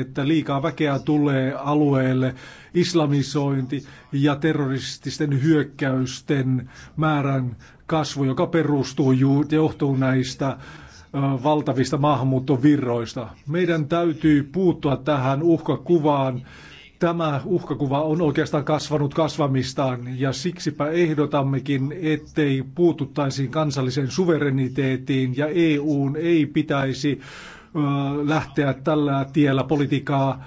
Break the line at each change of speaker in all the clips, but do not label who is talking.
että liikaa väkeä tulee alueelle, islamisointi ja terrorististen hyökkäysten määrän kasvu, joka perustuu johtuu näistä valtavista maahanmuuttovirroista. Meidän täytyy puuttua tähän uhkakuvaan. Tämä uhkakuva on oikeastaan kasvanut kasvamistaan ja siksipä ehdotammekin, ettei puututtaisiin kansalliseen suvereniteettiin ja EUn ei pitäisi lähteä tällä tiellä politiikkaa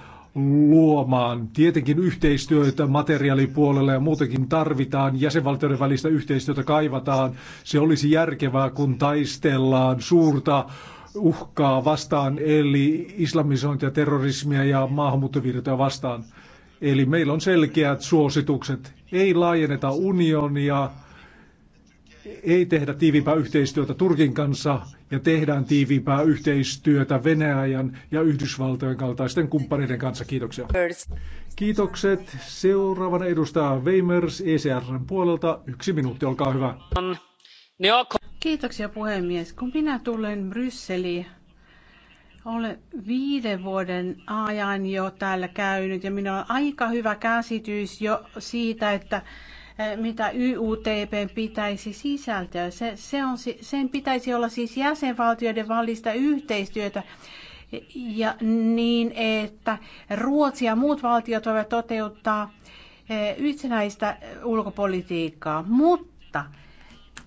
luomaan. Tietenkin yhteistyötä materiaalipuolella ja muutenkin tarvitaan, jäsenvaltioiden välistä yhteistyötä kaivataan. Se olisi järkevää, kun taistellaan suurta uhkaa vastaan, eli islamisointia, terrorismia ja maahanmuuttovirtoja vastaan. Eli meillä on selkeät suositukset. Ei laajenneta unionia, ei tehdä tiiviimpää yhteistyötä Turkin kanssa, ja tehdään tiiviimpää yhteistyötä Venäjän ja Yhdysvaltojen kaltaisten kumppaneiden kanssa. Kiitoksia. Kiitokset. Seuraavana edustaa Weimers ECRn puolelta. Yksi minuutti, olkaa hyvä.
Kiitoksia puhemies. Kun minä tulen Brysseliin, olen viiden vuoden ajan jo täällä käynyt ja minulla on aika hyvä käsitys jo siitä, että Eh, mitä YUTP pitäisi sisältää. Se, se on, sen pitäisi olla siis jäsenvaltioiden välistä yhteistyötä ja niin, että Ruotsi ja muut valtiot voivat toteuttaa itsenäistä eh, ulkopolitiikkaa, mutta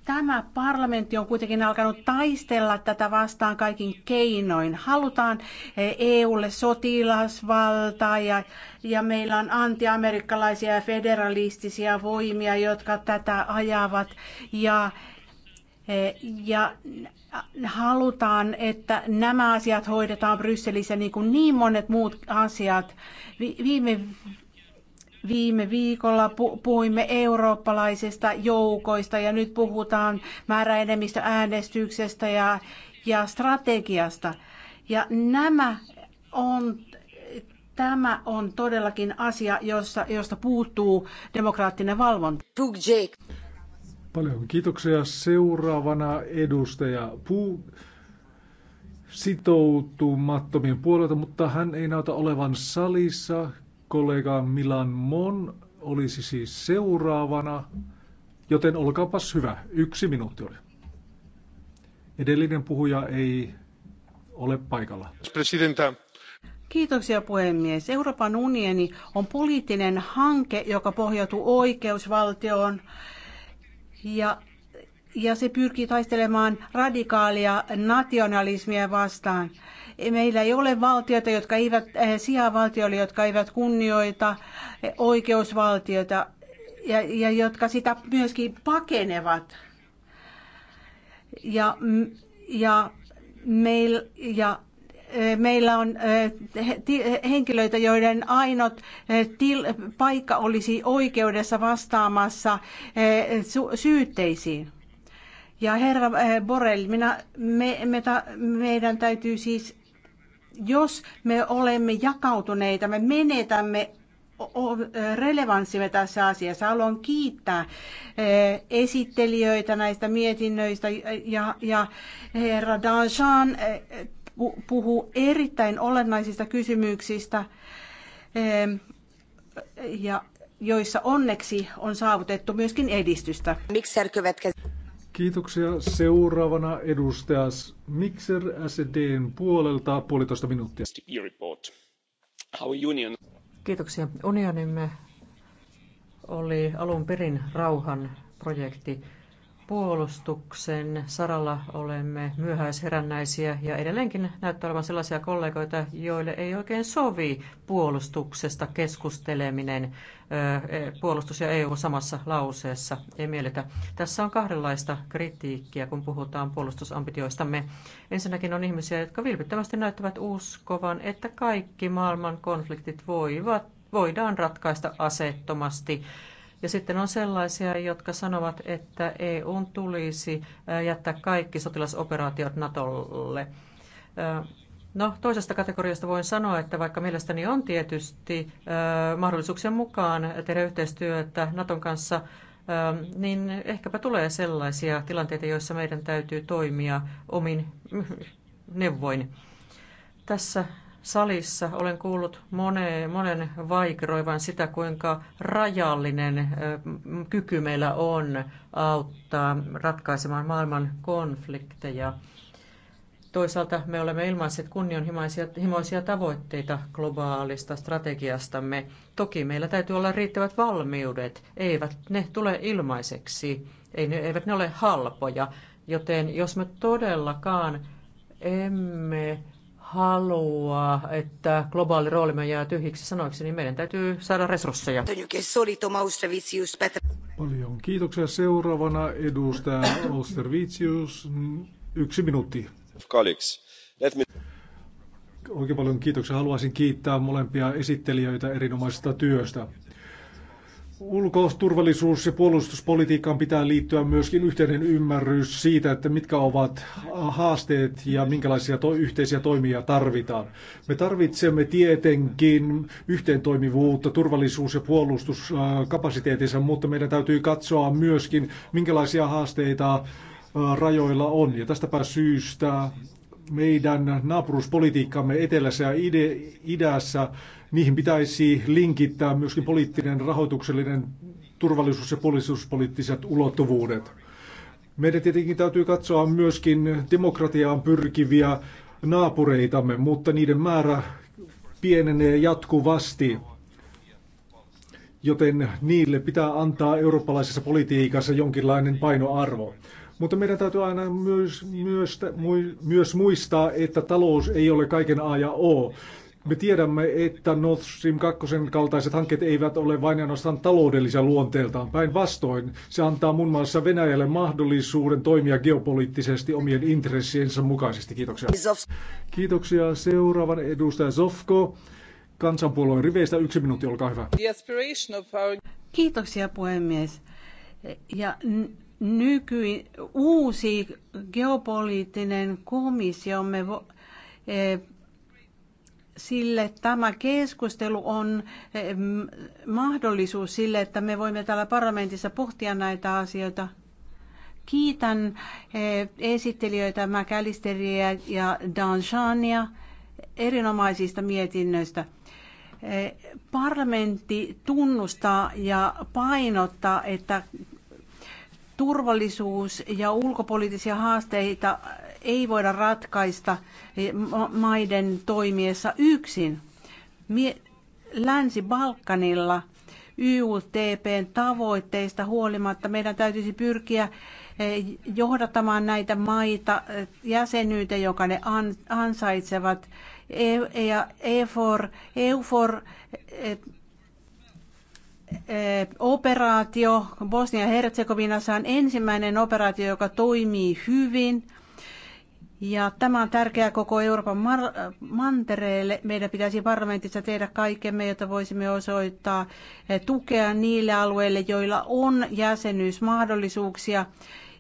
Tämä parlamentti on kuitenkin alkanut taistella tätä vastaan kaikin keinoin. Halutaan eh, EUlle sotilasvaltaa ja, ja meillä on antiamerikkalaisia ja federalistisia voimia, jotka tätä ajavat. Ja, eh, ja halutaan, että nämä asiat hoidetaan Brysselissä niin kuin niin monet muut asiat. Viime Viime viikolla puhuimme eurooppalaisista joukoista ja nyt puhutaan äänestyksestä ja, ja strategiasta. Ja nämä on, tämä on todellakin asia, jossa, josta puuttuu demokraattinen
valvonta. Paljon kiitoksia. Seuraavana edustaja Puu sitoutumattomien puolelta, mutta hän ei näytä olevan salissa. Kollega Milan Mon olisi siis seuraavana, joten olkaapas hyvä. Yksi minuutti oli. Edellinen puhuja ei ole paikalla. Presidenta.
Kiitoksia puhemies. Euroopan unioni on poliittinen hanke, joka pohjautuu oikeusvaltioon ja, ja se pyrkii taistelemaan radikaalia nationalismia vastaan. Meillä ei ole valtioita, jotka eivät, eh, sijaa valtioille, jotka eivät kunnioita eh, oikeusvaltiota ja, ja jotka sitä myöskin pakenevat. Ja, ja, meil, ja eh, meillä on henkilöitä, joiden ainut paikka olisi oikeudessa vastaamassa syytteisiin. Ja herra Borrell, minä, me, me ta, meidän täytyy siis jos me olemme jakautuneita, me menetämme relevanssimme tässä asiassa. Haluan kiittää eh, esittelijöitä näistä mietinnöistä ja, ja herra Danjan eh, puhuu erittäin olennaisista kysymyksistä, eh, ja joissa onneksi on saavutettu myöskin edistystä.
Kiitoksia. Seuraavana edustaja Mixer SDn puolelta puolitoista minuuttia.
Kiitoksia. Unionimme oli alun perin rauhan projekti puolustuksen saralla olemme myöhäisherännäisiä ja edelleenkin näyttää olevan sellaisia kollegoita, joille ei oikein sovi puolustuksesta keskusteleminen, e, puolustus ja EU samassa lauseessa ei mielletä. Tässä on kahdenlaista kritiikkiä, kun puhutaan puolustusambitioistamme. Ensinnäkin on ihmisiä, jotka vilpittömästi näyttävät uskovan, että kaikki maailman konfliktit voivat, voidaan ratkaista aseettomasti ja sitten on sellaisia, jotka sanovat, että EUn tulisi jättää kaikki sotilasoperaatiot NATOlle. No, toisesta kategoriasta voin sanoa, että vaikka mielestäni on tietysti mahdollisuuksien mukaan tehdä yhteistyötä Naton kanssa, niin ehkäpä tulee sellaisia tilanteita, joissa meidän täytyy toimia omin neuvoin. Tässä salissa olen kuullut monen, monen vaikeroivan sitä, kuinka rajallinen kyky meillä on auttaa ratkaisemaan maailman konflikteja. Toisaalta me olemme ilmaiset kunnianhimoisia tavoitteita globaalista strategiastamme. Toki meillä täytyy olla riittävät valmiudet. Eivät ne tule ilmaiseksi, Ei ne, eivät ne ole halpoja. Joten jos me todellakaan emme halua, että globaali roolimme jää tyhjiksi sanoiksi, niin meidän täytyy saada resursseja.
Paljon kiitoksia. Seuraavana edustaja Austervitsius. Yksi minuutti. Oikein paljon kiitoksia. Haluaisin kiittää molempia esittelijöitä erinomaisesta työstä ulko-, turvallisuus- ja puolustuspolitiikkaan pitää liittyä myöskin yhteinen ymmärrys siitä, että mitkä ovat haasteet ja minkälaisia to- yhteisiä toimia tarvitaan. Me tarvitsemme tietenkin yhteentoimivuutta turvallisuus- ja puolustuskapasiteetissa, mutta meidän täytyy katsoa myöskin, minkälaisia haasteita rajoilla on. Ja tästäpä syystä meidän naapuruspolitiikkamme etelässä ja idässä niihin pitäisi linkittää myöskin poliittinen, rahoituksellinen, turvallisuus- ja puolustuspoliittiset ulottuvuudet. Meidän tietenkin täytyy katsoa myöskin demokratiaan pyrkiviä naapureitamme, mutta niiden määrä pienenee jatkuvasti, joten niille pitää antaa eurooppalaisessa politiikassa jonkinlainen painoarvo. Mutta meidän täytyy aina myös, myös, myös muistaa, että talous ei ole kaiken A ja O. Me tiedämme, että Nord Stream 2 kaltaiset hankkeet eivät ole vain ainoastaan taloudellisia luonteeltaan. Päinvastoin se antaa muun muassa Venäjälle mahdollisuuden toimia geopoliittisesti omien intressiensä mukaisesti. Kiitoksia. Kiitoksia. Seuraavan edustaja Zofko. Kansanpuolueen riveistä yksi minuutti, olkaa hyvä.
Kiitoksia puhemies. Ja nyky, uusi geopoliittinen komissiomme vo, eh, sille tämä keskustelu on eh, mahdollisuus sille, että me voimme täällä parlamentissa pohtia näitä asioita. Kiitän eh, esittelijöitä Mäkälisteriä ja Danjania erinomaisista mietinnöistä. Eh, parlamentti tunnustaa ja painottaa, että turvallisuus ja ulkopoliittisia haasteita ei voida ratkaista e, maiden toimiessa yksin. Länsi-Balkanilla YUTPn tavoitteista huolimatta meidän täytyisi pyrkiä e, johdattamaan näitä maita e, jäsenyyteen, joka ne ansaitsevat. Ja EFOR, EUFOR, operaatio Bosnia-Herzegovinassa on ensimmäinen operaatio, joka toimii hyvin. Ja tämä on tärkeää koko Euroopan mar- mantereelle. Meidän pitäisi parlamentissa tehdä kaikkemme, jotta voisimme osoittaa eh, tukea niille alueille, joilla on jäsenyysmahdollisuuksia.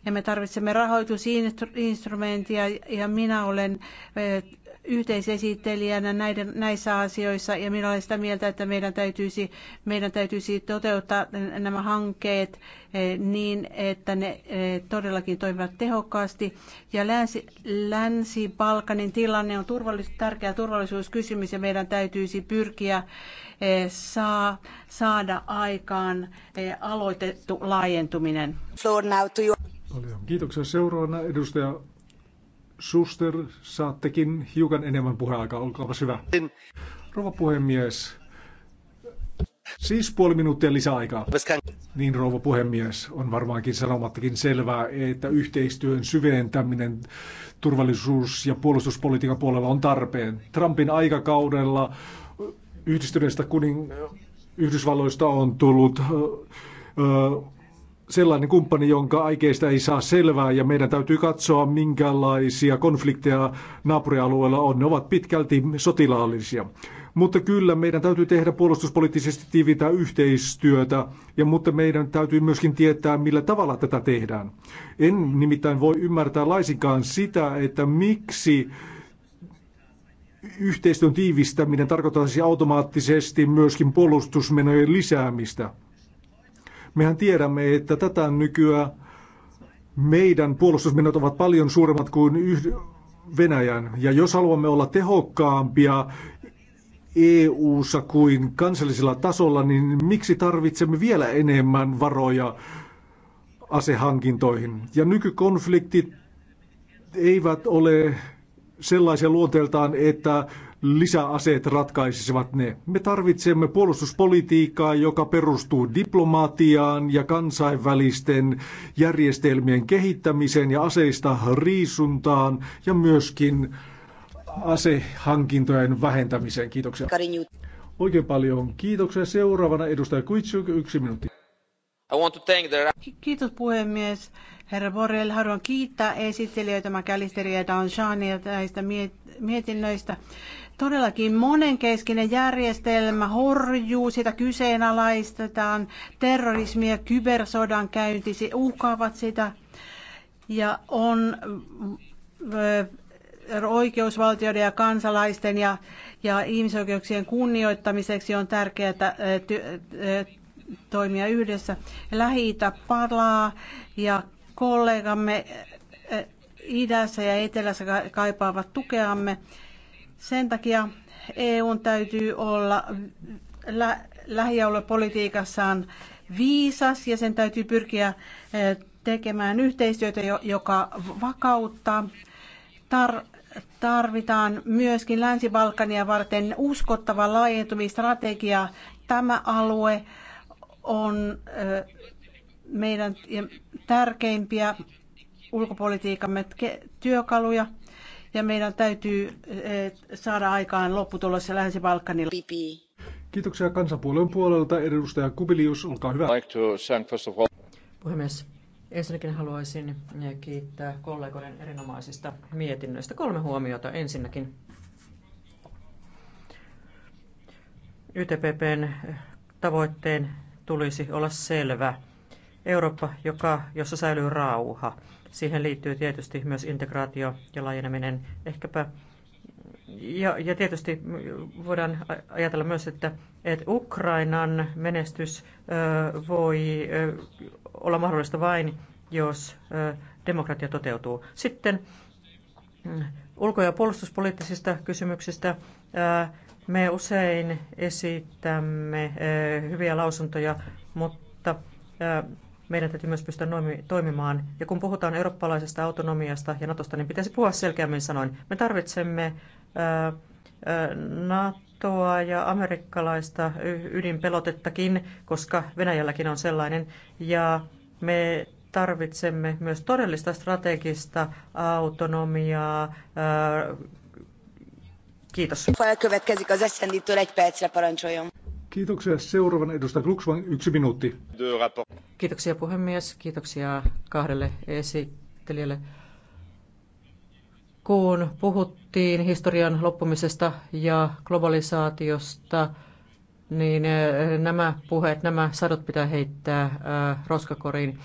Ja me tarvitsemme rahoitusinstrumentia ja minä olen eh, yhteisesittelijänä näiden, näissä asioissa ja minä olen sitä mieltä, että meidän täytyisi, meidän täytyisi toteuttaa nämä hankkeet eh, niin, että ne eh, todellakin toimivat tehokkaasti. Ja Länsi, Länsi-Balkanin tilanne on turvallis, tärkeä turvallisuuskysymys ja meidän täytyisi pyrkiä eh, saa, saada aikaan aloitettu laajentuminen.
Kiitoksia. Seuraavana edustaja Schuster, saattekin hiukan enemmän puheaikaa, olkaapa hyvä. Rouva puhemies, Siis puoli minuuttia lisäaikaa. Niin rouva puhemies, on varmaankin sanomattakin selvää, että yhteistyön syventäminen turvallisuus- ja puolustuspolitiikan puolella on tarpeen. Trumpin aikakaudella yhdistyneestä kuning... Yhdysvalloista on tullut sellainen kumppani, jonka aikeista ei saa selvää ja meidän täytyy katsoa, minkälaisia konflikteja naapurialueella on. Ne ovat pitkälti sotilaallisia. Mutta kyllä meidän täytyy tehdä puolustuspoliittisesti tiivitä yhteistyötä, ja mutta meidän täytyy myöskin tietää, millä tavalla tätä tehdään. En nimittäin voi ymmärtää laisinkaan sitä, että miksi yhteistyön tiivistäminen tarkoittaisi automaattisesti myöskin puolustusmenojen lisäämistä. Mehän tiedämme, että tätä nykyään meidän puolustusmenot ovat paljon suuremmat kuin yhd- Venäjän. Ja jos haluamme olla tehokkaampia EU-ssa kuin kansallisella tasolla, niin miksi tarvitsemme vielä enemmän varoja asehankintoihin? Ja nykykonfliktit eivät ole sellaisia luonteeltaan, että lisäaseet ratkaisisivat ne. Me tarvitsemme puolustuspolitiikkaa, joka perustuu diplomaatiaan ja kansainvälisten järjestelmien kehittämiseen ja aseista riisuntaan ja myöskin asehankintojen vähentämiseen. Kiitoksia. Oikein paljon kiitoksia. Seuraavana edustaja Kuitsuk, yksi minuutti.
Kiitos puhemies. Herra Borrell, haluan kiittää esittelijöitä Mäkälisteri ja Danjania näistä mietinnöistä todellakin monenkeskinen järjestelmä horjuu, sitä kyseenalaistetaan, terrorismi ja kybersodan käynti uhkaavat sitä ja on oikeusvaltioiden ja kansalaisten ja, ja ihmisoikeuksien kunnioittamiseksi on tärkeää ty- toimia yhdessä. Lähi-itä palaa ja kollegamme idässä ja etelässä kaipaavat tukeamme sen takia EUn täytyy olla lä- lähialuepolitiikassaan viisas ja sen täytyy pyrkiä eh, tekemään yhteistyötä, joka vakauttaa. Tar- tarvitaan myöskin Länsi-Balkania varten uskottava laajentumistrategia. Tämä alue on eh, meidän tärkeimpiä ulkopolitiikamme työkaluja ja meidän täytyy eh, saada aikaan lopputulos Länsi-Balkanilla.
Kiitoksia kansanpuolueen puolelta. Edustaja Kubilius, olkaa hyvä.
Puhemies, ensinnäkin haluaisin eh, kiittää kollegoiden erinomaisista mietinnöistä. Kolme huomiota ensinnäkin. YTPPn eh, tavoitteen tulisi olla selvä. Eurooppa, joka, jossa säilyy rauha. Siihen liittyy tietysti myös integraatio ja laajeneminen. Ehkäpä ja, ja tietysti voidaan ajatella myös, että, että Ukrainan menestys ö, voi ö, olla mahdollista vain, jos ö, demokratia toteutuu. Sitten mm, ulko- ja puolustuspoliittisista kysymyksistä. Ö, me usein esittämme ö, hyviä lausuntoja, mutta ö, meidän täytyy myös pystyä toimimaan. Ja kun puhutaan eurooppalaisesta autonomiasta ja Natosta, niin pitäisi puhua selkeämmin sanoin. Me tarvitsemme ää, NATOa ja amerikkalaista ydinpelotettakin, koska Venäjälläkin on sellainen. Ja me tarvitsemme myös todellista strategista autonomiaa.
Ää, kiitos.
Kiitoksia. Seuraavan edustaja Glucksman, yksi minuutti.
Kiitoksia
puhemies, kiitoksia kahdelle esittelijälle. Kun puhuttiin historian loppumisesta ja globalisaatiosta, niin eh, nämä puheet, nämä sadot pitää heittää eh, roskakoriin.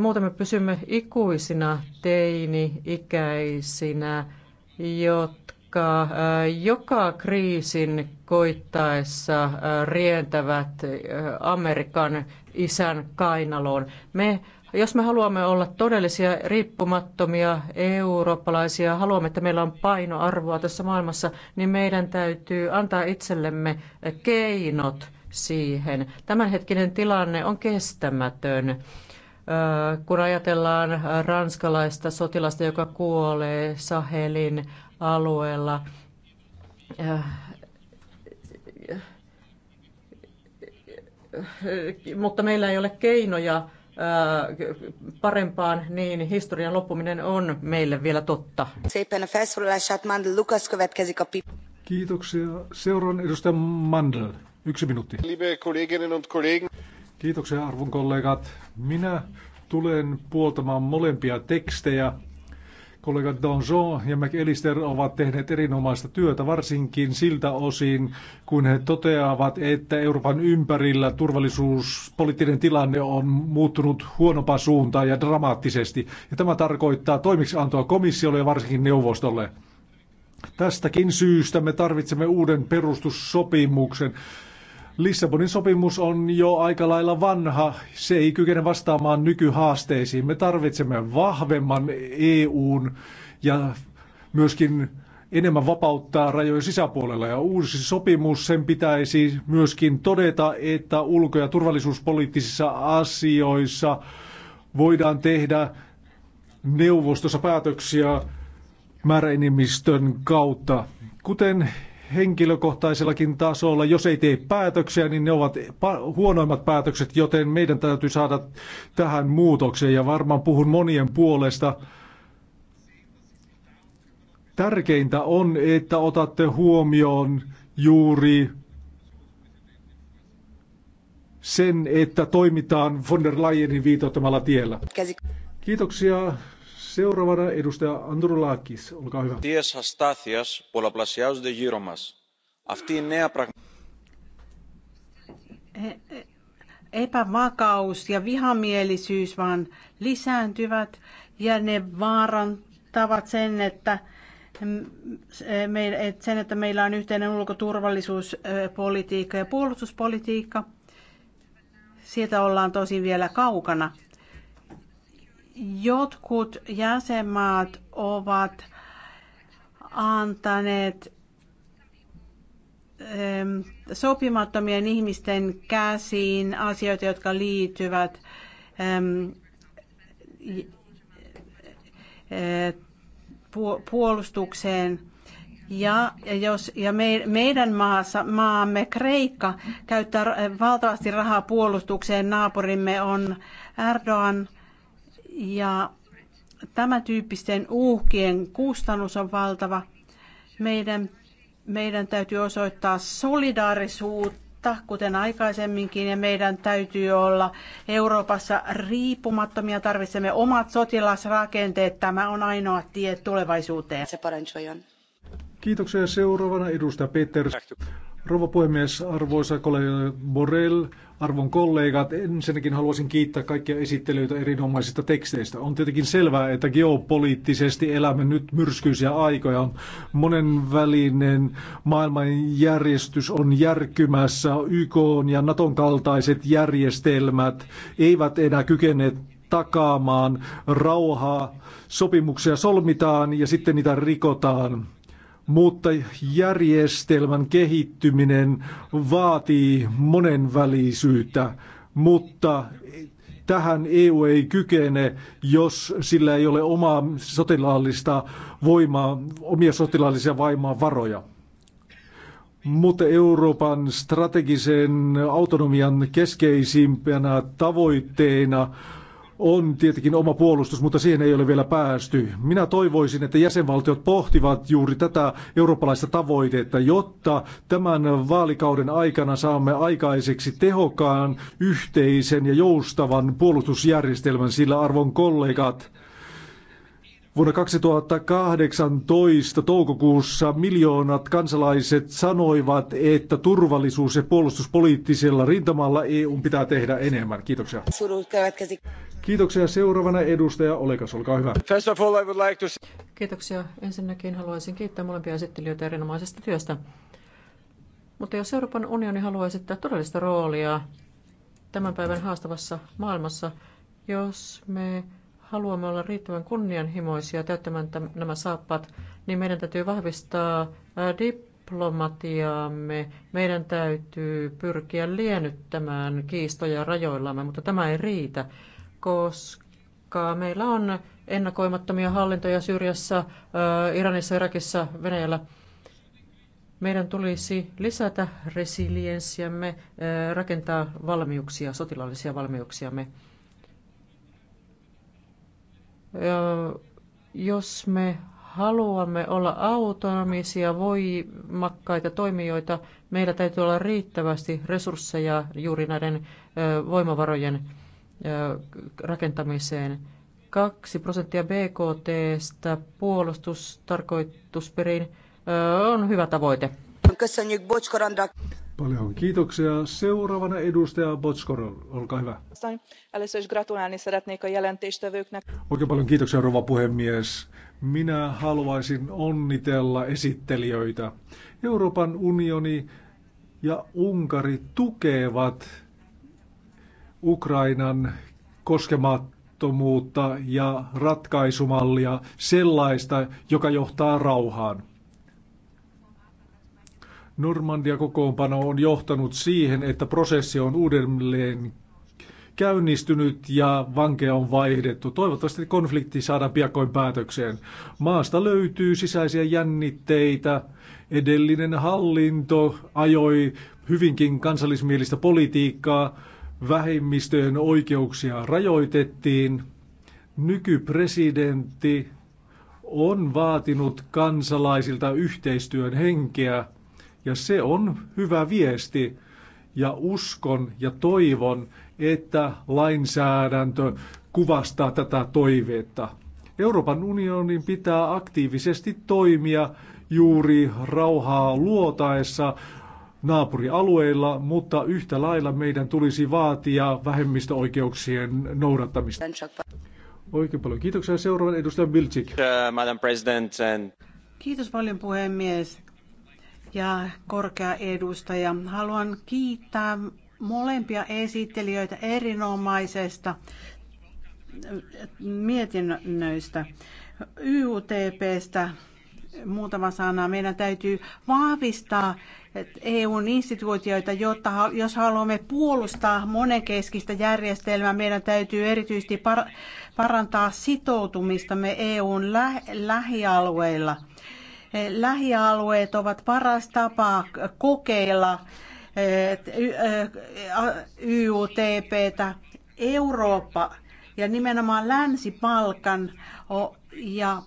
Muuten me pysymme ikuisina teini-ikäisinä, jotka vaikka joka kriisin koittaessa rientävät Amerikan isän kainaloon. Me jos me haluamme olla todellisia, riippumattomia, eurooppalaisia, haluamme, että meillä on painoarvoa tässä maailmassa, niin meidän täytyy antaa itsellemme keinot siihen. Tämänhetkinen tilanne on kestämätön. Kun ajatellaan ranskalaista sotilasta, joka kuolee Sahelin alueella mutta meillä ei ole keinoja äh, parempaan, niin historian loppuminen on
meille vielä totta. Kiitoksia. Seuraan edustaja Mandel. Yksi minuutti. Kiitoksia arvon kollegat. Minä tulen puoltamaan molempia tekstejä. Kollegat Donjon ja McAllister ovat tehneet erinomaista työtä, varsinkin siltä osin, kun he toteavat, että Euroopan ympärillä turvallisuuspoliittinen tilanne on muuttunut huonompaan suuntaan ja dramaattisesti. Ja tämä tarkoittaa toimiksiantoa komissiolle ja varsinkin neuvostolle. Tästäkin syystä me tarvitsemme uuden perustussopimuksen Lissabonin sopimus on jo aika lailla vanha. Se ei kykene vastaamaan nykyhaasteisiin. Me tarvitsemme vahvemman EUn ja myöskin enemmän vapauttaa rajojen sisäpuolella. Ja uusi sopimus, sen pitäisi myöskin todeta, että ulko- ja turvallisuuspoliittisissa asioissa voidaan tehdä neuvostossa päätöksiä määräenemmistön kautta. Kuten henkilökohtaisellakin tasolla, jos ei tee päätöksiä, niin ne ovat huonoimmat päätökset, joten meidän täytyy saada tähän muutokseen ja varmaan puhun monien puolesta. Tärkeintä on, että otatte huomioon juuri sen, että toimitaan von der Leyenin viitoittamalla tiellä. Kiitoksia Seuraavana edustaja Andrulakis, olkaa hyvä. Ties hastatias πολλαπλασιάζονται γύρω μας. Αυτή η νέα
Epävakaus ja vihamielisyys vaan lisääntyvät ja ne vaarantavat sen, että mm, sen, että meillä on yhteinen ulkoturvallisuuspolitiikka ja puolustuspolitiikka. Siitä ollaan tosi vielä kaukana. Jotkut jäsenmaat ovat antaneet sopimattomien ihmisten käsiin asioita, jotka liittyvät eh, puolustukseen. Ja, jos, ja me, meidän maassa, maamme Kreikka käyttää valtavasti rahaa puolustukseen, naapurimme on Erdogan – ja tämä tyyppisten uhkien kustannus on valtava. Meidän, meidän täytyy osoittaa solidaarisuutta, kuten aikaisemminkin, ja meidän täytyy olla Euroopassa riippumattomia. Tarvitsemme omat sotilasrakenteet. Tämä on ainoa tie tulevaisuuteen.
Kiitoksia. Seuraavana edustaja Peters. Rouva puhemies, arvoisa kollega Borrell, arvon kollegat, ensinnäkin haluaisin kiittää kaikkia esittelyitä erinomaisista teksteistä. On tietenkin selvää, että geopoliittisesti elämme nyt myrskyisiä aikoja. Monenvälinen maailmanjärjestys on järkymässä. YK ja Naton kaltaiset järjestelmät eivät enää kykene takaamaan rauhaa. Sopimuksia solmitaan ja sitten niitä rikotaan mutta järjestelmän kehittyminen vaatii monenvälisyyttä, mutta tähän EU ei kykene, jos sillä ei ole omaa sotilaallista voimaa, omia sotilaallisia voimaa varoja. Mutta Euroopan strategisen autonomian keskeisimpänä tavoitteena on tietenkin oma puolustus, mutta siihen ei ole vielä päästy. Minä toivoisin, että jäsenvaltiot pohtivat juuri tätä eurooppalaista tavoitetta, jotta tämän vaalikauden aikana saamme aikaiseksi tehokkaan, yhteisen ja joustavan puolustusjärjestelmän, sillä arvon kollegat, Vuonna 2018 toukokuussa miljoonat kansalaiset sanoivat, että turvallisuus- ja puolustuspoliittisella rintamalla EU pitää tehdä enemmän. Kiitoksia. Kiitoksia. Seuraavana edustaja Olekas, olkaa hyvä.
Kiitoksia. Ensinnäkin haluaisin kiittää molempia esittelijöitä erinomaisesta työstä. Mutta jos Euroopan unioni haluaa esittää todellista roolia tämän päivän haastavassa maailmassa, jos me haluamme olla riittävän kunnianhimoisia täyttämään nämä saappaat, niin meidän täytyy vahvistaa diplomatiaamme. Meidän täytyy pyrkiä liennyttämään kiistoja rajoillamme, mutta tämä ei riitä, koska meillä on ennakoimattomia hallintoja Syyriassa, Iranissa, Irakissa, Venäjällä. Meidän tulisi lisätä resilienssiämme, rakentaa valmiuksia, sotilaallisia valmiuksiamme jos me haluamme olla autonomisia, voimakkaita toimijoita, meillä täytyy olla riittävästi resursseja juuri näiden voimavarojen rakentamiseen. 2 prosenttia BKTstä puolustustarkoitusperin on hyvä tavoite.
Paljon kiitoksia. Seuraavana edustaja Botskor, olkaa hyvä. Oikein paljon kiitoksia, rouva puhemies. Minä haluaisin onnitella esittelijöitä. Euroopan unioni ja Unkari tukevat Ukrainan koskemattomuutta ja ratkaisumallia sellaista, joka johtaa rauhaan. Normandia kokoonpano on johtanut siihen, että prosessi on uudelleen käynnistynyt ja vankeja on vaihdettu. Toivottavasti konflikti saadaan piakoin päätökseen. Maasta löytyy sisäisiä jännitteitä. Edellinen hallinto ajoi hyvinkin kansallismielistä politiikkaa. Vähemmistöjen oikeuksia rajoitettiin. Nykypresidentti on vaatinut kansalaisilta yhteistyön henkeä ja se on hyvä viesti ja uskon ja toivon, että lainsäädäntö kuvastaa tätä toiveetta. Euroopan unionin pitää aktiivisesti toimia juuri rauhaa luotaessa naapurialueilla, mutta yhtä lailla meidän tulisi vaatia vähemmistöoikeuksien noudattamista. Oikein paljon kiitoksia. Seuraavan edustaja Bilcik.
Kiitos paljon puhemies ja korkea edustaja. Haluan kiittää molempia esittelijöitä erinomaisesta mietinnöistä. YUTPstä muutama sana. Meidän täytyy vahvistaa EUn instituutioita, jotta jos haluamme puolustaa monenkeskistä järjestelmää, meidän täytyy erityisesti parantaa sitoutumistamme EUn lähialueilla. Lähialueet ovat paras tapa kokeilla YUTPtä. Eurooppa ja nimenomaan länsi palkan ja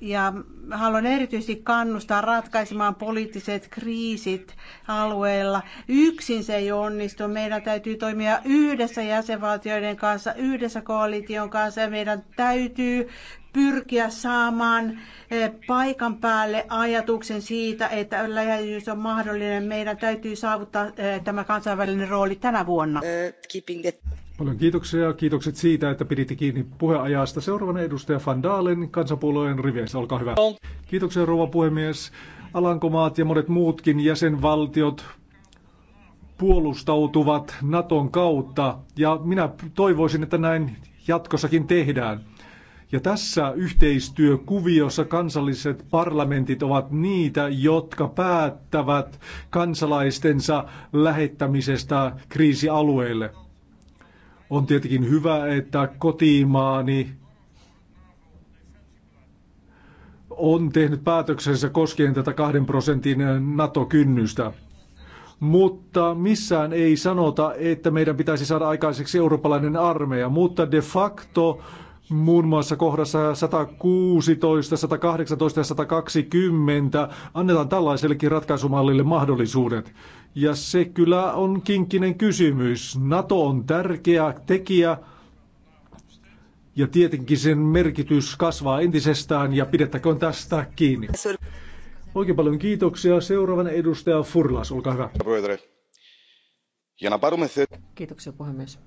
ja haluan erityisesti kannustaa ratkaisemaan poliittiset kriisit alueella. Yksin se ei onnistu. Meidän täytyy toimia yhdessä jäsenvaltioiden kanssa, yhdessä koalition kanssa ja meidän täytyy pyrkiä saamaan eh, paikan päälle ajatuksen siitä, että läheisyys on mahdollinen. Meidän täytyy saavuttaa eh, tämä kansainvälinen rooli tänä vuonna.
Paljon kiitoksia ja kiitokset siitä, että piditte kiinni puheajasta. Seuraavana edustaja Van Daalen kansapuolueen riveissä. Olkaa hyvä. Kiitoksia rouva puhemies. Alankomaat ja monet muutkin jäsenvaltiot puolustautuvat Naton kautta ja minä toivoisin, että näin jatkossakin tehdään. Ja tässä yhteistyökuviossa kansalliset parlamentit ovat niitä, jotka päättävät kansalaistensa lähettämisestä kriisialueille. On tietenkin hyvä, että kotimaani on tehnyt päätöksensä koskien tätä kahden prosentin NATO-kynnystä. Mutta missään ei sanota, että meidän pitäisi saada aikaiseksi eurooppalainen armeija, mutta de facto muun muassa kohdassa 116, 118 ja 120 annetaan tällaisellekin ratkaisumallille mahdollisuudet. Ja se kyllä on kinkkinen kysymys. NATO on tärkeä tekijä ja tietenkin sen merkitys kasvaa entisestään ja pidettäköön tästä kiinni. Oikein paljon kiitoksia. Seuraavana edustaja Furlas, olkaa hyvä. Kiitoksia puhemies.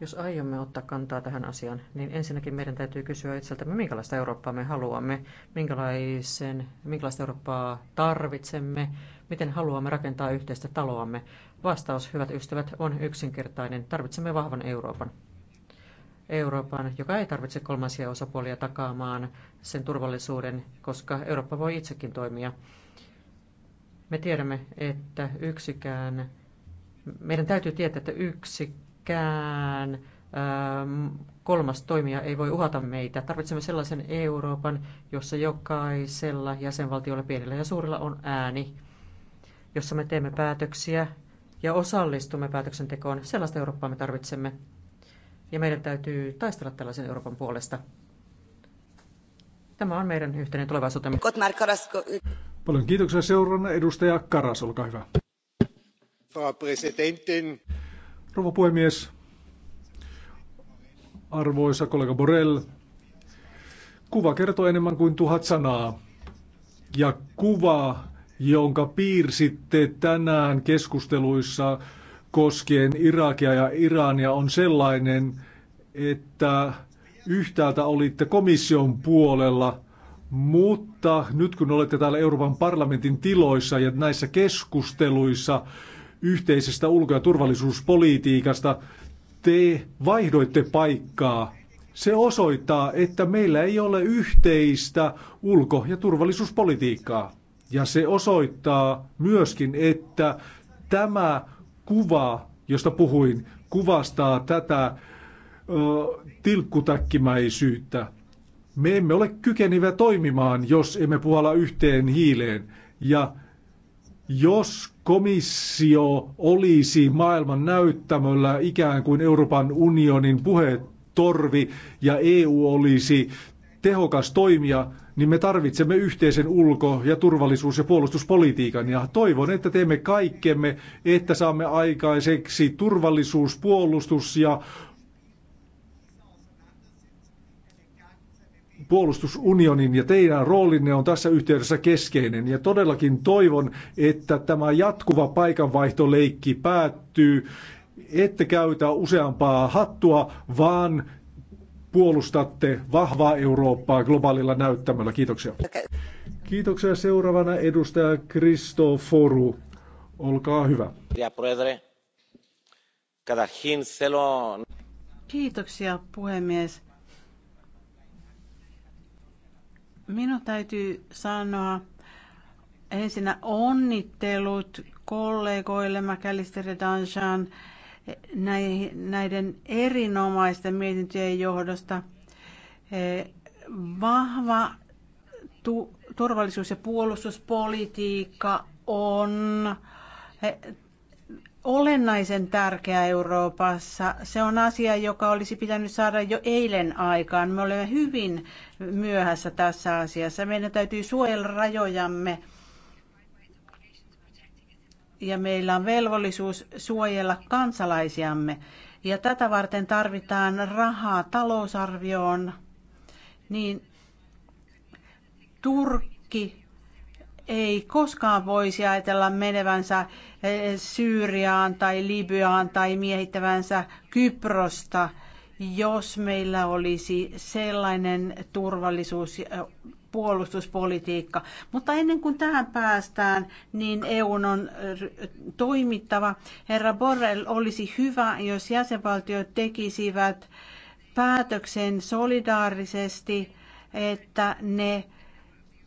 Jos aiomme ottaa kantaa tähän asiaan, niin ensinnäkin meidän täytyy kysyä itseltämme, minkälaista Eurooppaa me haluamme, minkälaisen, minkälaista Eurooppaa tarvitsemme, miten haluamme rakentaa yhteistä taloamme. Vastaus, hyvät ystävät, on yksinkertainen. Tarvitsemme vahvan Euroopan. Euroopan, joka ei tarvitse kolmansia osapuolia takaamaan sen turvallisuuden, koska Eurooppa voi itsekin toimia. Me tiedämme, että yksikään, meidän täytyy tietää, että yksi mikään ähm, kolmas toimija ei voi uhata meitä. Tarvitsemme sellaisen Euroopan, jossa jokaisella jäsenvaltiolla, pienellä ja suurella, on ääni, jossa me teemme päätöksiä ja osallistumme päätöksentekoon. Sellaista Eurooppaa me tarvitsemme. Ja meidän täytyy taistella tällaisen Euroopan puolesta.
Tämä on meidän yhteinen tulevaisuutemme. Paljon kiitoksia seurana. Edustaja Karas, olkaa hyvä. Frau Präsidentin. Rouva puhemies, arvoisa kollega Borrell, kuva kertoo enemmän kuin tuhat sanaa. Ja kuva, jonka piirsitte tänään keskusteluissa koskien Irakia ja Irania, on sellainen, että yhtäältä olitte komission puolella, mutta nyt kun olette täällä Euroopan parlamentin tiloissa ja näissä keskusteluissa, yhteisestä ulko- ja turvallisuuspolitiikasta, te vaihdoitte paikkaa. Se osoittaa, että meillä ei ole yhteistä ulko- ja turvallisuuspolitiikkaa. Ja se osoittaa myöskin, että tämä kuva, josta puhuin, kuvastaa tätä ö, tilkkutäkkimäisyyttä. Me emme ole kykeneviä toimimaan, jos emme puhalla yhteen hiileen. Ja jos komissio olisi maailman näyttämöllä ikään kuin Euroopan unionin puhetorvi ja EU olisi tehokas toimija, niin me tarvitsemme yhteisen ulko- ja turvallisuus- ja puolustuspolitiikan. Ja toivon, että teemme kaikkemme, että saamme aikaiseksi turvallisuus-, puolustus- ja puolustusunionin ja teidän roolinne on tässä yhteydessä keskeinen. Ja todellakin toivon, että tämä jatkuva paikanvaihtoleikki päättyy. Ette käytä useampaa hattua, vaan puolustatte vahvaa Eurooppaa globaalilla näyttämällä. Kiitoksia. Kiitoksia seuraavana edustaja Kristoforu. Olkaa hyvä.
Kiitoksia puhemies. Minun täytyy sanoa ensinnä onnittelut kollegoille McAllister ja Danshan näiden erinomaisten mietintöjen johdosta. Vahva turvallisuus- ja puolustuspolitiikka on olennaisen tärkeä Euroopassa. Se on asia, joka olisi pitänyt saada jo eilen aikaan. Me olemme hyvin myöhässä tässä asiassa. Meidän täytyy suojella rajojamme ja meillä on velvollisuus suojella kansalaisiamme. Ja tätä varten tarvitaan rahaa talousarvioon, niin Turkki ei koskaan voisi ajatella menevänsä eh, Syyriaan tai Libyaan tai miehittävänsä Kyprosta, jos meillä olisi sellainen turvallisuus puolustuspolitiikka. Mutta ennen kuin tähän päästään, niin EU on toimittava. Herra Borrell, olisi hyvä, jos jäsenvaltiot tekisivät päätöksen solidaarisesti, että ne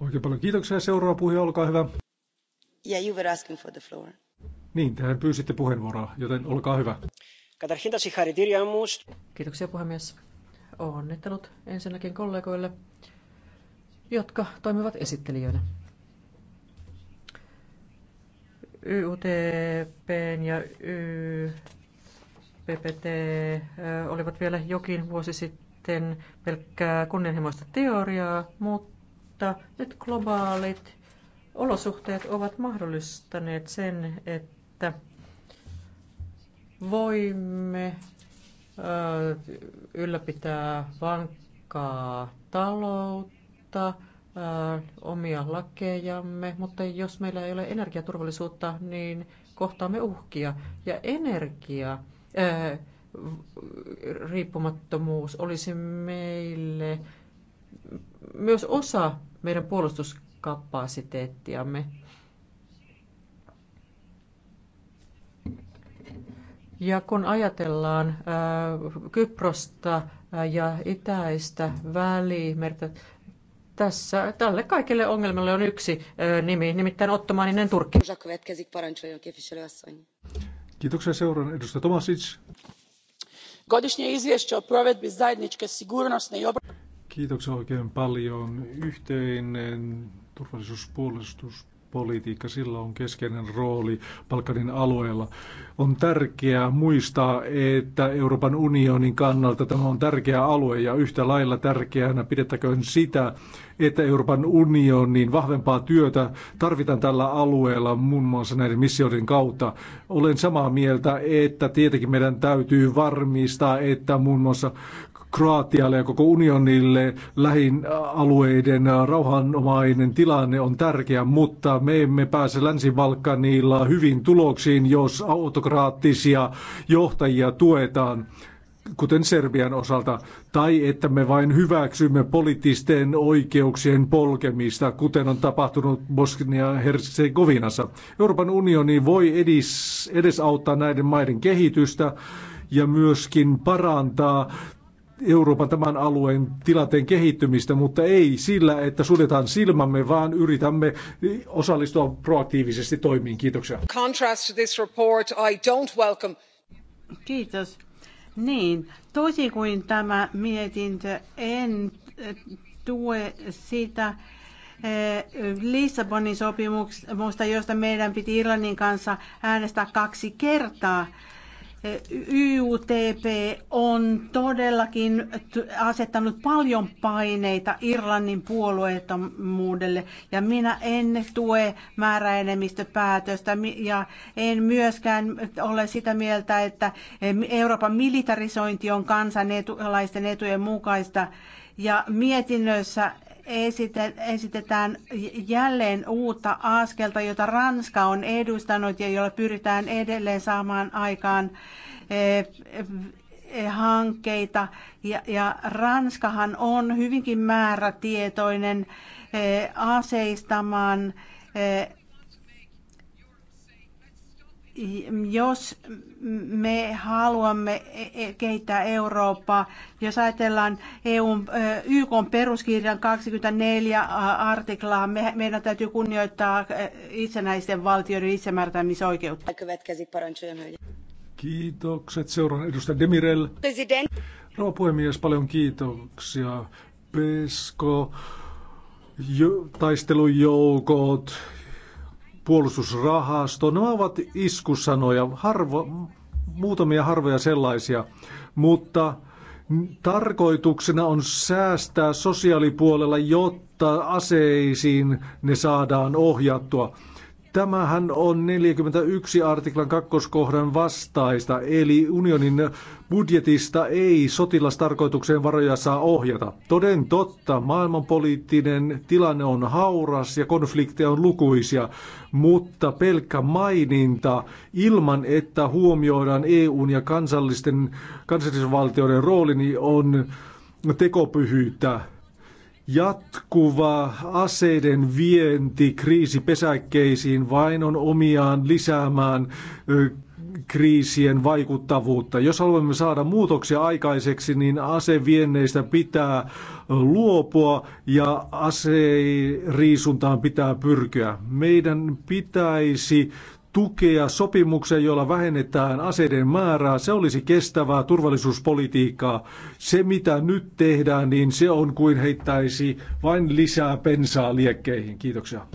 Oikein paljon kiitoksia. Seuraava puhe, olkaa hyvä.
Yeah, you were asking for the floor.
Niin, tähän pyysitte puheenvuoroa, joten olkaa hyvä.
Kiitoksia puhemies. Onnittelut ensinnäkin kollegoille, jotka toimivat esittelijöinä. YUTP ja YPPT olivat vielä jokin vuosi sitten pelkkää kunnianhimoista teoriaa, mutta mutta nyt globaalit olosuhteet ovat mahdollistaneet sen, että voimme ylläpitää vankkaa taloutta, omia lakejamme, mutta jos meillä ei ole energiaturvallisuutta, niin kohtaamme uhkia. Ja energia, riippumattomuus olisi meille myös osa meidän puolustuskapasiteettiamme. Ja kun ajatellaan ää, äh, Kyprosta äh, ja itäistä välimertä, tässä, tälle kaikille ongelmalle on yksi ää, äh, nimi, nimittäin ottomaaninen Turkki.
Kiitoksia seuraan edustaja Tomasic.
Godišnje izvješće o provedbi zajedničke sigurnosne i obrambene
Kiitoksia oikein paljon. Yhteinen turvallisuuspuolustuspolitiikka, sillä on keskeinen rooli Balkanin alueella. On tärkeää muistaa, että Euroopan unionin kannalta tämä on tärkeä alue ja yhtä lailla tärkeänä pidettäköön sitä, että Euroopan unionin vahvempaa työtä tarvitaan tällä alueella muun muassa näiden missioiden kautta. Olen samaa mieltä, että tietenkin meidän täytyy varmistaa, että muun muassa Kroatialle ja koko unionille lähin alueiden rauhanomainen tilanne on tärkeä, mutta me emme pääse Länsi-Balkanilla hyvin tuloksiin, jos autokraattisia johtajia tuetaan kuten Serbian osalta, tai että me vain hyväksymme poliittisten oikeuksien polkemista, kuten on tapahtunut Bosnia Herzegovinassa. Euroopan unioni voi edes edesauttaa näiden maiden kehitystä ja myöskin parantaa Euroopan tämän alueen tilanteen kehittymistä, mutta ei sillä, että suljetaan silmämme, vaan yritämme osallistua proaktiivisesti toimiin. Kiitoksia.
Contrast to this report, I don't
welcome. Kiitos. Niin, tosi kuin tämä mietintö, en eh, tue sitä eh, Lissabonin sopimusta, josta meidän piti Irlannin kanssa äänestää kaksi kertaa YUTP on todellakin asettanut paljon paineita Irlannin puolueettomuudelle ja minä en tue määräenemmistöpäätöstä ja en myöskään ole sitä mieltä, että Euroopan militarisointi on kansan etu, etujen mukaista ja mietinnössä esitetään jälleen uutta askelta, jota Ranska on edustanut ja jolla pyritään edelleen saamaan aikaan eh, hankkeita. Ja, ja Ranskahan on hyvinkin määrätietoinen eh, aseistamaan eh, jos me haluamme e- e- kehittää Eurooppaa, jos ajatellaan EUn, YK peruskirjan 24 artiklaa, me, meidän täytyy kunnioittaa itsenäisten valtioiden itsemääräämisoikeutta.
Kiitokset. Seuraan edustaja Demirel. President. Rouva puhemies, paljon kiitoksia. PESCO, taistelujoukot, puolustusrahasto, nämä ovat iskusanoja, harvo, muutamia harvoja sellaisia, mutta tarkoituksena on säästää sosiaalipuolella, jotta aseisiin ne saadaan ohjattua. Tämähän on 41 artiklan kakkoskohdan vastaista, eli unionin budjetista ei sotilastarkoitukseen varoja saa ohjata. Toden totta, maailmanpoliittinen tilanne on hauras ja konflikteja on lukuisia, mutta pelkkä maininta ilman, että huomioidaan EUn ja kansallisten kansallisvaltioiden rooli, niin on tekopyhyyttä. Jatkuva aseiden vienti kriisipesäkkeisiin vain on omiaan lisäämään kriisien vaikuttavuutta. Jos haluamme saada muutoksia aikaiseksi, niin asevienneistä pitää luopua ja aseriisuntaan pitää pyrkiä. Meidän pitäisi tukea sopimukseen, jolla vähennetään aseiden määrää. Se olisi kestävää turvallisuuspolitiikkaa. Se, mitä nyt tehdään, niin se on kuin heittäisi vain lisää pensaa liekkeihin. Kiitoksia.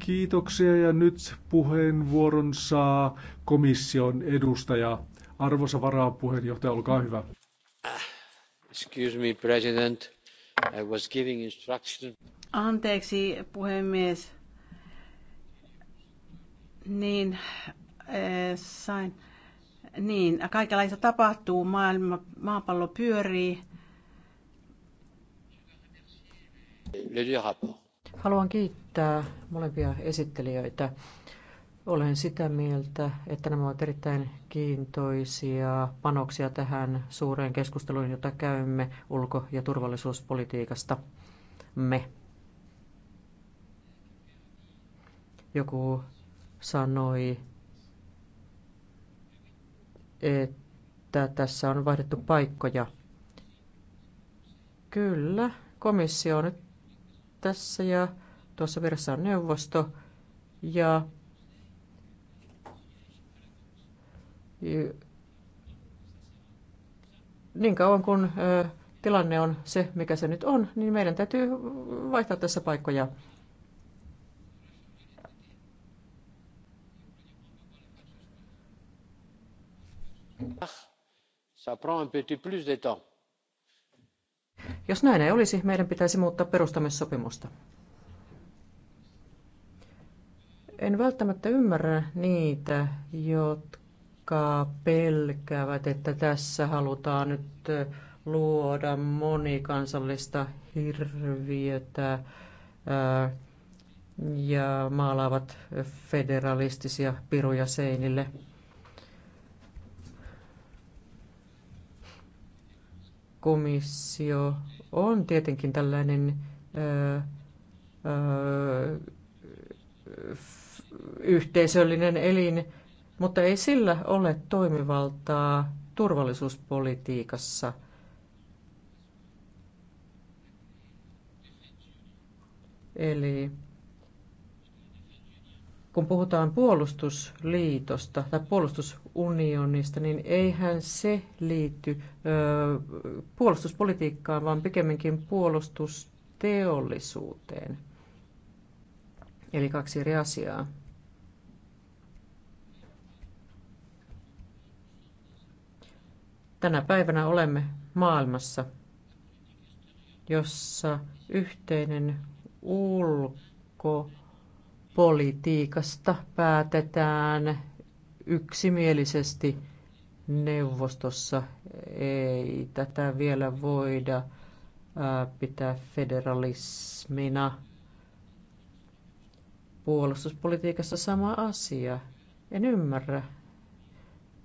Kiitoksia ja nyt puheenvuoron saa komission edustaja. Arvoisa varapuheenjohtaja, olkaa hyvä.
Excuse me, President. I was giving instruction.
Anteeksi,
puhemies niin, eh, sain. Niin, kaikenlaista tapahtuu, maailma, maapallo pyörii.
Haluan kiittää molempia esittelijöitä. Olen sitä mieltä, että nämä ovat erittäin kiintoisia panoksia tähän suureen keskusteluun, jota käymme ulko- ja turvallisuuspolitiikasta. Me. Joku sanoi, että tässä on vaihdettu paikkoja. Kyllä, komissio on nyt tässä ja tuossa vieressä on neuvosto ja niin kauan kun tilanne on se, mikä se nyt on, niin meidän täytyy vaihtaa tässä paikkoja. Jos näin ei olisi, meidän pitäisi muuttaa perustamissopimusta. En välttämättä ymmärrä niitä, jotka pelkäävät, että tässä halutaan nyt luoda monikansallista hirviötä ja maalaavat federalistisia piruja seinille. komissio on tietenkin tällainen ö, ö, yhteisöllinen elin, mutta ei sillä ole toimivaltaa turvallisuuspolitiikassa. Eli kun puhutaan puolustusliitosta tai puolustusunionista, niin eihän se liity ö, puolustuspolitiikkaan, vaan pikemminkin puolustusteollisuuteen. Eli kaksi eri asiaa. Tänä päivänä olemme maailmassa, jossa yhteinen ulko politiikasta päätetään yksimielisesti neuvostossa. Ei tätä vielä voida pitää federalismina. Puolustuspolitiikassa sama asia. En ymmärrä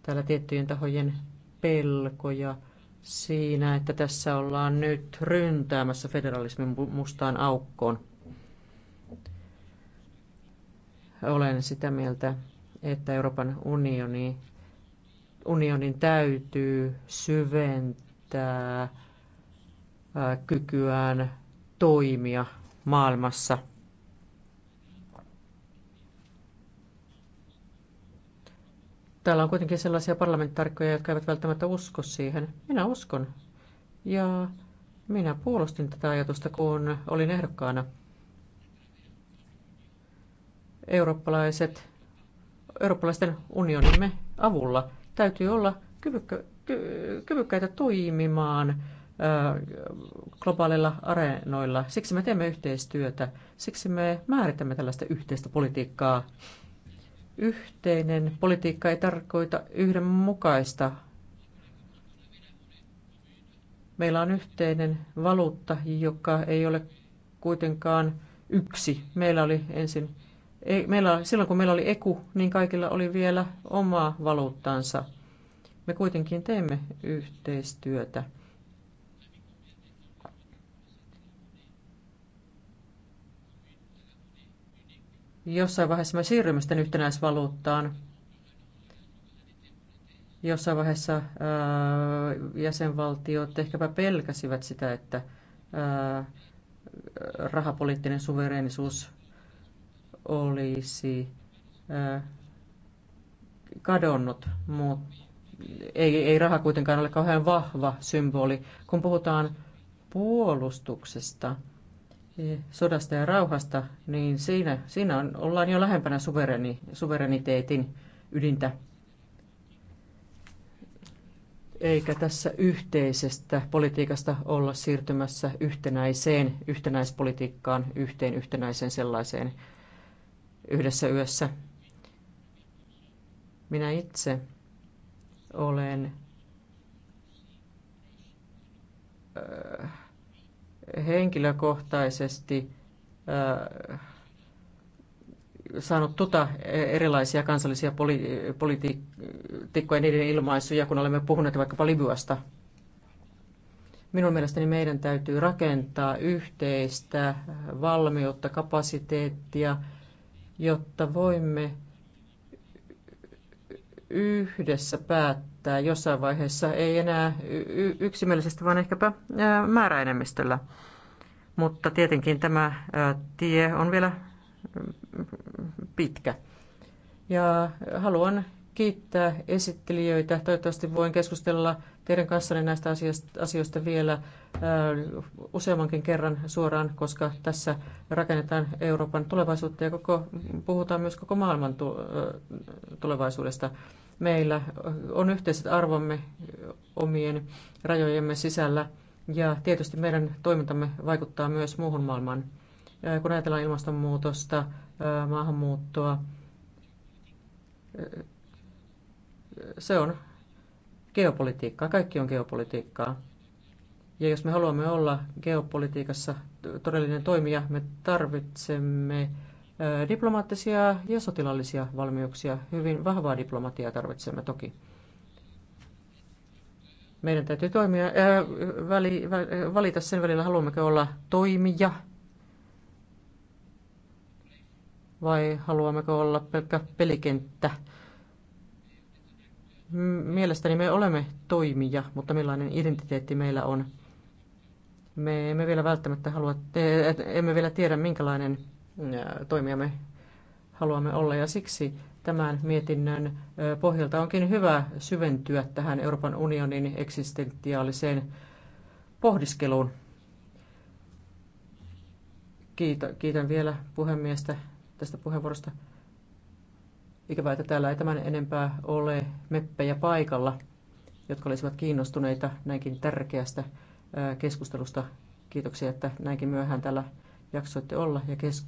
täällä tiettyjen tahojen pelkoja siinä, että tässä ollaan nyt ryntäämässä federalismin mustaan aukkoon. Olen sitä mieltä, että Euroopan unioni, unionin täytyy syventää kykyään toimia maailmassa. Täällä on kuitenkin sellaisia parlamentaarikkoja, jotka eivät välttämättä usko siihen. Minä uskon. Ja minä puolustin tätä ajatusta, kun olin ehdokkaana – eurooppalaiset, eurooppalaisten unionimme avulla. Täytyy olla kyvykkä, ky, kyvykkäitä toimimaan globaaleilla areenoilla. Siksi me teemme yhteistyötä, siksi me määritämme tällaista yhteistä politiikkaa. Yhteinen politiikka ei tarkoita yhdenmukaista. Meillä on yhteinen valuutta, joka ei ole kuitenkaan yksi. Meillä oli ensin meillä, silloin kun meillä oli eku, niin kaikilla oli vielä omaa valuuttaansa. Me kuitenkin teemme yhteistyötä. Jossain vaiheessa me siirrymme sitten yhtenäisvaluuttaan. Jossain vaiheessa ää, jäsenvaltiot ehkäpä pelkäsivät sitä, että ää, rahapoliittinen suvereenisuus olisi kadonnut, mutta ei, ei raha kuitenkaan ole kauhean vahva symboli. Kun puhutaan puolustuksesta, e, sodasta ja rauhasta, niin siinä, siinä on, ollaan jo lähempänä suvereni, suvereniteetin ydintä. Eikä tässä yhteisestä politiikasta olla siirtymässä yhtenäiseen, yhtenäispolitiikkaan, yhteen yhtenäiseen sellaiseen yhdessä yössä. Minä itse olen äh, henkilökohtaisesti äh, saanut tuta erilaisia kansallisia poli- politiikkoja, niiden ilmaisuja, kun olemme puhuneet vaikkapa Libyasta. Minun mielestäni meidän täytyy rakentaa yhteistä valmiutta, kapasiteettia, jotta voimme yhdessä päättää jossain vaiheessa, ei enää yksimielisesti, vaan ehkäpä määräenemmistöllä. Mutta tietenkin tämä tie on vielä pitkä. Ja haluan kiittää esittelijöitä. Toivottavasti voin keskustella teidän kanssanne näistä asioista vielä äh, useammankin kerran suoraan, koska tässä rakennetaan Euroopan tulevaisuutta ja koko, puhutaan myös koko maailman äh, tulevaisuudesta. Meillä on yhteiset arvomme omien rajojemme sisällä ja tietysti meidän toimintamme vaikuttaa myös muuhun maailmaan. Äh, kun ajatellaan ilmastonmuutosta, maahanmuuttoa, se on geopolitiikkaa, kaikki on geopolitiikkaa. Ja jos me haluamme olla geopolitiikassa todellinen toimija, me tarvitsemme diplomaattisia ja sotilaallisia valmiuksia. Hyvin vahvaa diplomatiaa tarvitsemme toki. Meidän täytyy toimia, ää, väli, vä, valita sen välillä, haluammeko olla toimija vai haluammeko olla pelkkä pelikenttä Mielestäni me olemme toimija, mutta millainen identiteetti meillä on? Me emme vielä välttämättä halua, emme vielä tiedä, minkälainen toimija me haluamme olla, ja siksi tämän mietinnön pohjalta onkin hyvä syventyä tähän Euroopan unionin eksistentiaaliseen pohdiskeluun. Kiitän vielä puhemiestä tästä puheenvuorosta. Ikävä, että täällä ei tämän enempää ole meppejä paikalla, jotka olisivat kiinnostuneita näinkin tärkeästä keskustelusta. Kiitoksia, että näinkin myöhään täällä jaksoitte olla ja kes-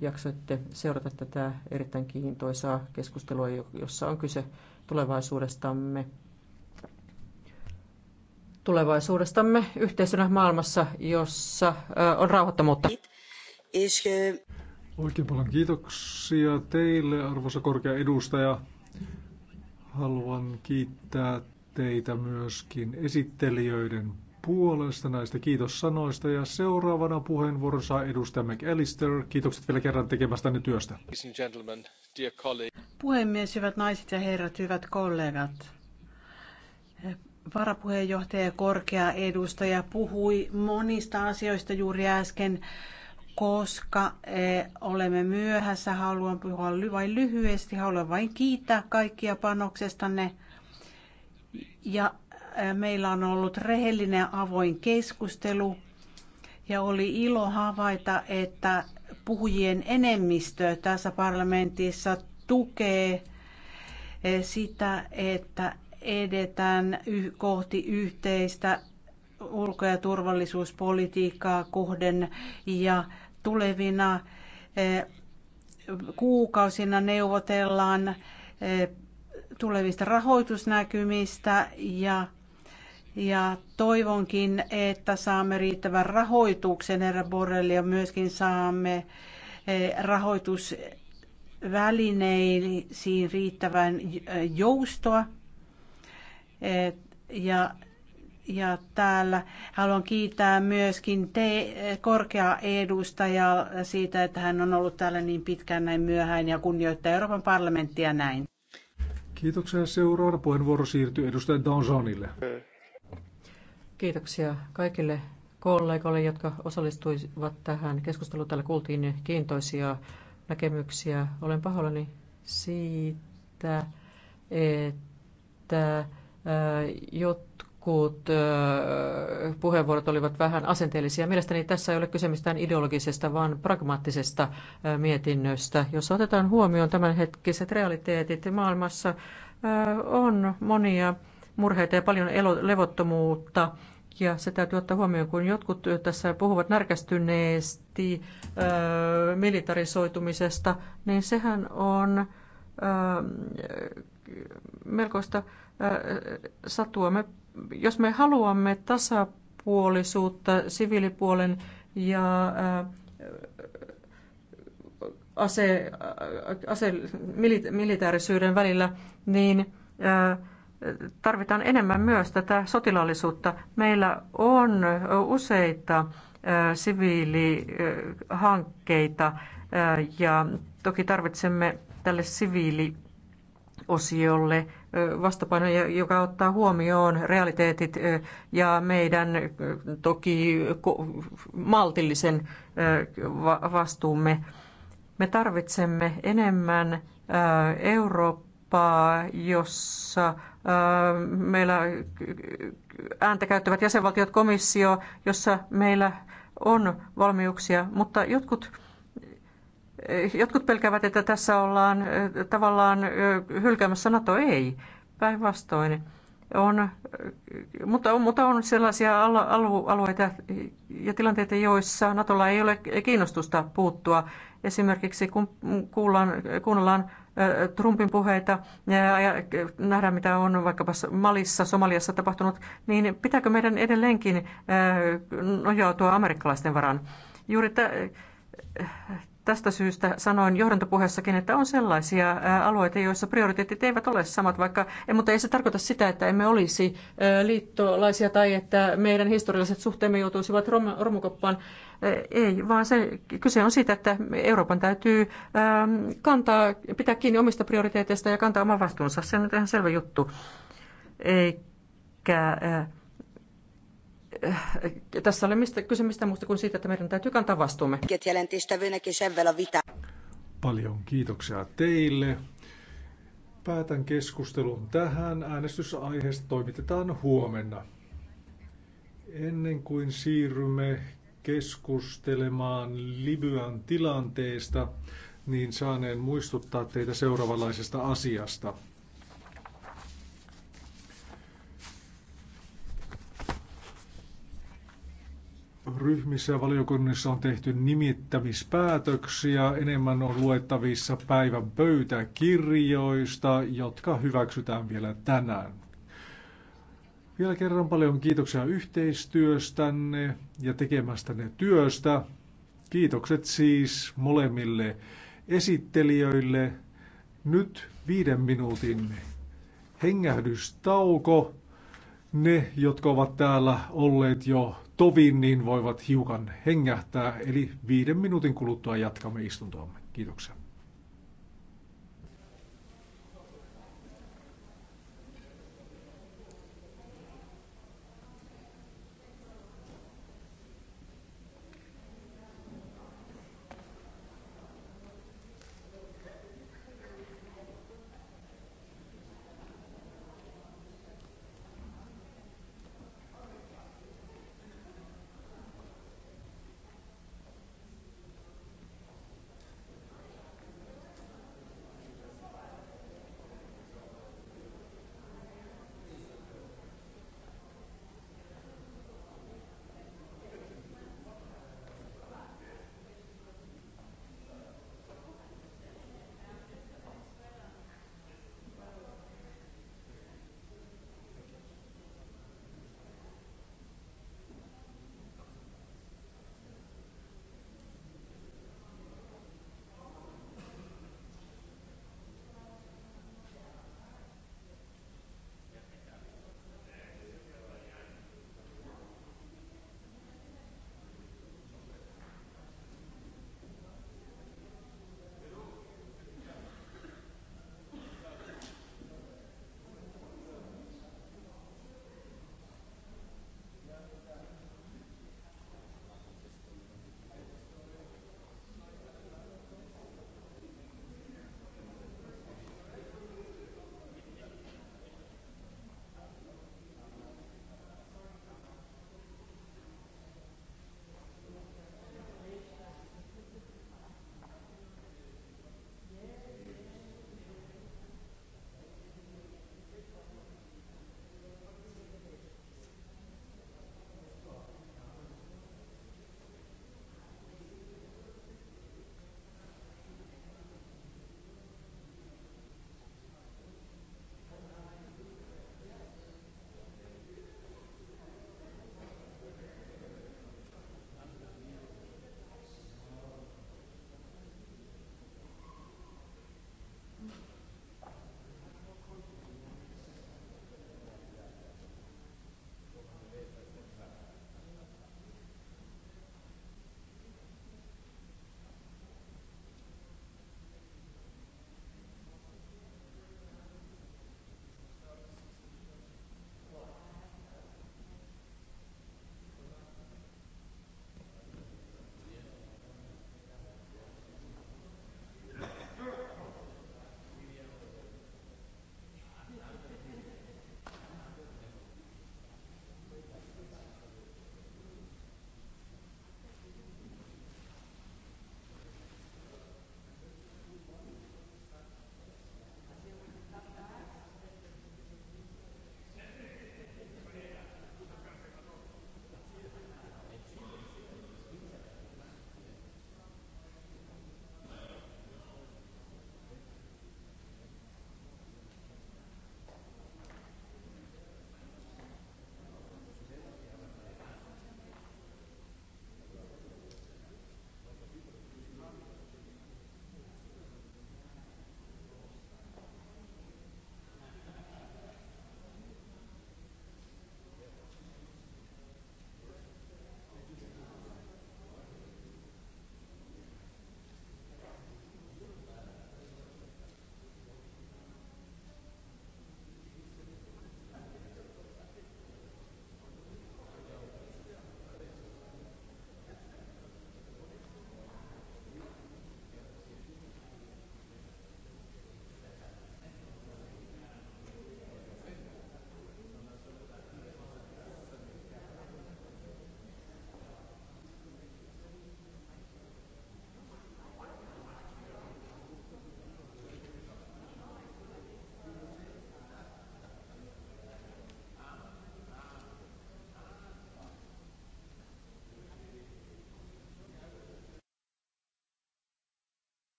jaksoitte seurata tätä erittäin kiintoisaa keskustelua, jossa on kyse tulevaisuudestamme. Tulevaisuudestamme yhteisönä maailmassa, jossa
on rauhattomuutta. Is, uh Oikein paljon kiitoksia teille, arvoisa korkea edustaja. Haluan kiittää teitä myöskin esittelijöiden puolesta näistä kiitossanoista ja seuraavana puheenvuoron saa edustaja McAllister. Kiitokset vielä kerran tekemästänne työstä.
Puhemies, hyvät naiset ja herrat, hyvät kollegat. Varapuheenjohtaja ja korkea edustaja puhui monista asioista juuri äsken koska e, olemme myöhässä, haluan puhua vain lyhyesti, haluan vain kiittää kaikkia panoksestanne. Ja e, meillä on ollut rehellinen ja avoin keskustelu ja oli ilo havaita, että puhujien enemmistö tässä parlamentissa tukee e, sitä, että edetään kohti yhteistä ulko- ja turvallisuuspolitiikkaa kohden ja tulevina eh, kuukausina neuvotellaan eh, tulevista rahoitusnäkymistä ja, ja toivonkin, että saamme riittävän rahoituksen herra Borrelli ja myöskin saamme eh, rahoitusvälineisiin riittävän joustoa ja ja täällä haluan kiittää myöskin te korkea edustaja siitä, että hän on ollut täällä niin pitkään näin myöhään ja kunnioittaa Euroopan parlamenttia näin.
Kiitoksia. Seuraava puheenvuoro siirtyy edustaja Donsonille.
Kiitoksia kaikille kollegoille, jotka osallistuivat tähän keskusteluun. Täällä kuultiin kiintoisia näkemyksiä. Olen pahoillani siitä, että jotta jotkut puheenvuorot olivat vähän asenteellisia. Mielestäni tässä ei ole kyse mistään ideologisesta, vaan pragmaattisesta mietinnöstä, jossa otetaan huomioon tämänhetkiset realiteetit. Maailmassa on monia murheita ja paljon levottomuutta. Ja se täytyy ottaa huomioon, kun jotkut tässä puhuvat närkästyneesti ö, militarisoitumisesta, niin sehän on ö, melkoista me, jos me haluamme tasapuolisuutta siviilipuolen ja ase, ase, milita- militaarisyyden välillä, niin tarvitaan enemmän myös tätä sotilaallisuutta. Meillä on useita siviilihankkeita ja toki tarvitsemme tälle siviiliosiolle vastapaino, joka ottaa huomioon realiteetit ja meidän toki maltillisen vastuumme. Me tarvitsemme enemmän Eurooppaa, jossa meillä ääntä käyttävät jäsenvaltiot komissio, jossa meillä on valmiuksia, mutta jotkut Jotkut pelkäävät, että tässä ollaan tavallaan hylkäämässä NATO. Ei, päinvastoin. On, mutta, on, mutta on sellaisia alueita ja tilanteita, joissa NATOlla ei ole kiinnostusta puuttua. Esimerkiksi kun kuullaan, kuunnellaan Trumpin puheita ja nähdään, mitä on vaikkapa Malissa, Somaliassa tapahtunut, niin pitääkö meidän edelleenkin nojautua amerikkalaisten varaan? Juuri t- Tästä syystä sanoin johdantopuheessakin, että on sellaisia alueita, joissa prioriteetit eivät ole samat, vaikka, e, mutta ei se tarkoita sitä, että emme olisi liittolaisia tai että meidän historialliset suhteemme joutuisivat rom, romukoppaan. Ei, vaan se, kyse on siitä, että Euroopan täytyy kantaa, pitää kiinni omista prioriteeteista ja kantaa oman vastuunsa. Se on ihan selvä juttu. Eikä, Äh, tässä ole mistä, kyse mistä muusta kuin siitä, että meidän täytyy kantaa vastuumme.
Paljon kiitoksia teille. Päätän keskustelun tähän. Äänestysaiheesta toimitetaan huomenna. Ennen kuin siirrymme keskustelemaan Libyan tilanteesta, niin saaneen muistuttaa teitä seuraavanlaisesta asiasta. ryhmissä ja valiokunnissa on tehty nimittämispäätöksiä. Enemmän on luettavissa päivän pöytäkirjoista, jotka hyväksytään vielä tänään. Vielä kerran paljon kiitoksia yhteistyöstänne ja tekemästänne työstä. Kiitokset siis molemmille esittelijöille. Nyt viiden minuutin hengähdystauko. Ne, jotka ovat täällä olleet jo tovin, niin voivat hiukan hengähtää. Eli viiden minuutin kuluttua jatkamme istuntoamme. Kiitoksia.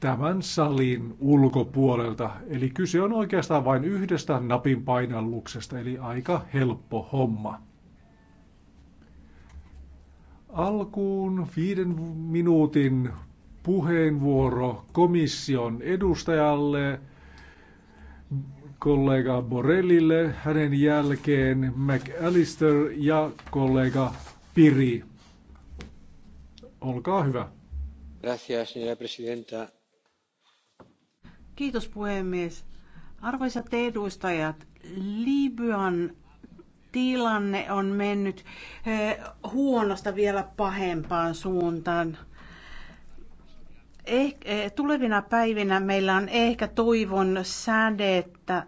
tämän salin ulkopuolelta. Eli kyse on oikeastaan vain yhdestä napin painalluksesta, eli aika helppo homma. Alkuun viiden minuutin puheenvuoro komission edustajalle, kollega Borellille, hänen jälkeen McAllister ja kollega Piri. Olkaa hyvä.
Gracias, señora presidenta. Kiitos puhemies. Arvoisat edustajat, Libyan tilanne on mennyt eh, huonosta vielä pahempaan suuntaan. Eh, eh, tulevina päivinä meillä on ehkä toivon sädettä,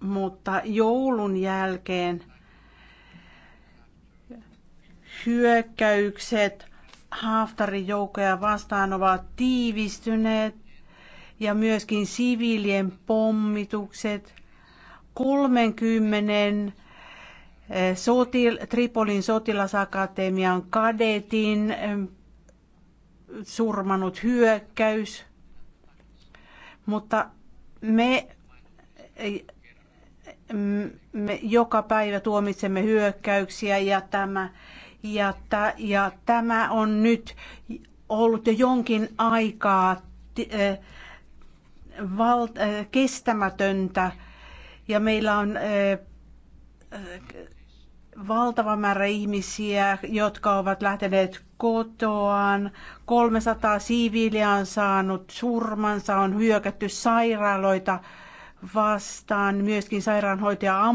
mutta joulun jälkeen hyökkäykset Haftarin joukkoja vastaan ovat tiivistyneet ja myöskin siviilien pommitukset. 30 eh, sotil, Tripolin sotilasakatemian kadetin eh, surmanut hyökkäys. Mutta me, eh, me joka päivä tuomitsemme hyökkäyksiä ja tämä, ja, ta, ja tämä on nyt ollut jo jonkin aikaa t, äh, val- äh, kestämätöntä ja meillä on äh, äh, valtava määrä ihmisiä, jotka ovat lähteneet kotoaan. 300 siviiliä on saanut surmansa, on hyökätty sairaaloita vastaan, myöskin sairaanhoitaja